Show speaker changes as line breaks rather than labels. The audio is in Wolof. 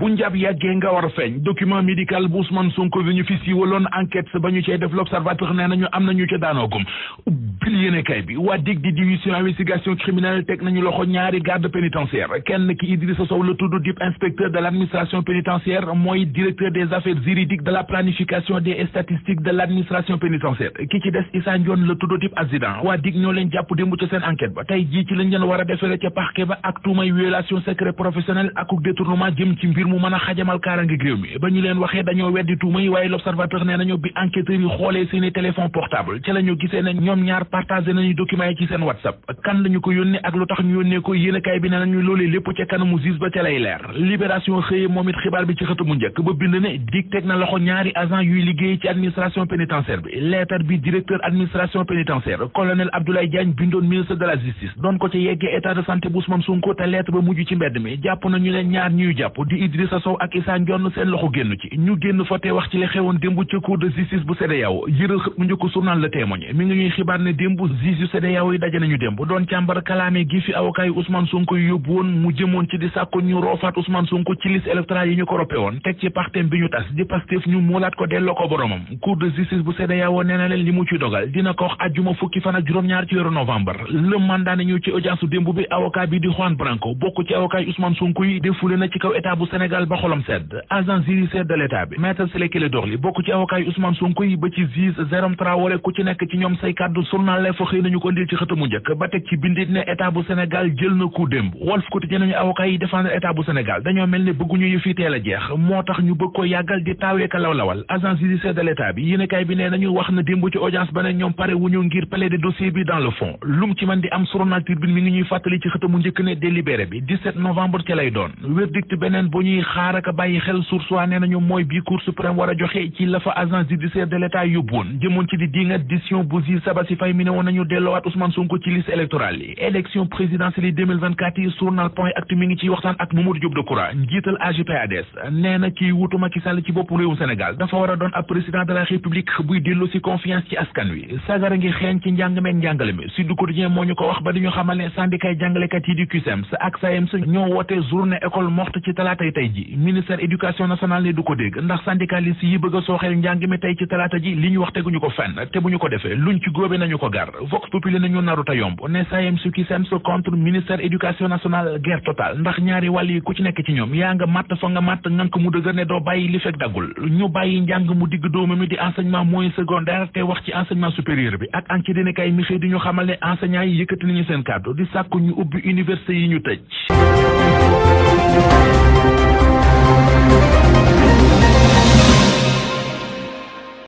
bu njab yàggee nga war a feeñ document médical bu Ousmane Sonko bi ñu fi siiwaloon enquête ba ñu cey def l'observateur nee nañu am nañu ca daanoogum bil yéene bi waa dig di division investigation criminelle teg nañu loxo ñaari garde pénitentiaire kenn ki Idrissa Sow la tudd dip inspecteur de l'administration pénitentiaire mooy directeur des affaires juridiques de planification des statistiques de l'administration pénitentiaire ki ci des ngir mu mën a xajamal kaarangeeg réew mi ba ñu leen waxee dañoo weddi tuuma yi waaye l'observateur nee nañu bi enquêteurs yi xoolee seeni téléphone portable ci la ñu ne ñoom ñaar partagé nañu documents yi ci seen whatsapp kan la ko yónnee ak lu tax ñu yónnee ko yéenekaay bi nee nañu loolee lépp ca kanamu gis ba ca lay leer libération xëyee moom it xibaar bi ci xëtu mu ba bind ne dig teg na loxo ñaari agent yuy liggéey ci administration pénitentiaire Idrissa Sow ak Issa Ndione seen loxo génn ci ñu génn fa te wax ci li xewoon démb ca cour de justice bu CEDEAO yëral xët mu njëkk journal Le Témoin mi ngi ñuy xibaar ne démb juge yu CEDEAO yi daje nañu démb doon càmbar kalaame gi fi avocat yi Ousmane Sonko yóbbu woon mu jëmoon ci di sàkku ñu roofaat Ousmane Sonko ci liste électorale yi ñu ko roppe woon teg ci partem bi ñu tas di Pastef ñu muulaat ko delloo ko boromam cour de justice bu Sénégal ba xolam sedd agent judiciaire de l'état bi maître Ciré Clédor Ly bokk ci avocat yi Ousmane Sonko yi ba ci juge Jérôme Traoré ku ci nekk ci ñoom say kàddu journal L'Info nañu ko ndil ci xëta njëkk ba teg ci bindit ne état bu Sénégal jël na coup démb Walf Quotidien nañu avocat yi défendre état bu Sénégal dañoo mel ne bëgguñu yëf teel a jeex moo tax ñu bëgg ko yàggal di taaweeka lawlawal agent judiciaire de l'état bi yéenekaay bi nee nañu wax na démb ñuy xaar bàyyi xel source waa nee nañu mooy bi cour suprême war a joxe ci la fa agence judiciaire de l'état yóbbuwoon jëmoon ci di dinga décision bu ji Sabassy Faye mi ne woon nañu delloowaat Ousmane Sonko ci liste électorale yi élection présidentielle yi 2024 point actu mi ngi waxtaan ak Mamadou Diop Decroix njiital AGPADS nee na kiy wutu Macky Sall ci bopp réewum Sénégal dafa war doon ab président de la République buy dellu confiance ci askan tey ji ministère éducation nationale ne du ko dégg ndax syndicaliste yi bëgg a sooxeel njàng mi tey ci talaata ji li ñu wax teguñu ko fenn te bu ñu ko defee luñ ci góobe nañu yomb ne sayem sukki sems contre ministère éducation nationale guerre totale ndax ñaari wàll yi ku ci nekk ci ñoom yaa nga màtt fa nga màtt ngank mu dëgër ne doo bàyyi li fekk daggul ñu bàyyi njàng mu digg dóomu mi di enseignement moyen secondaire te wax ci enseignement supérieur bi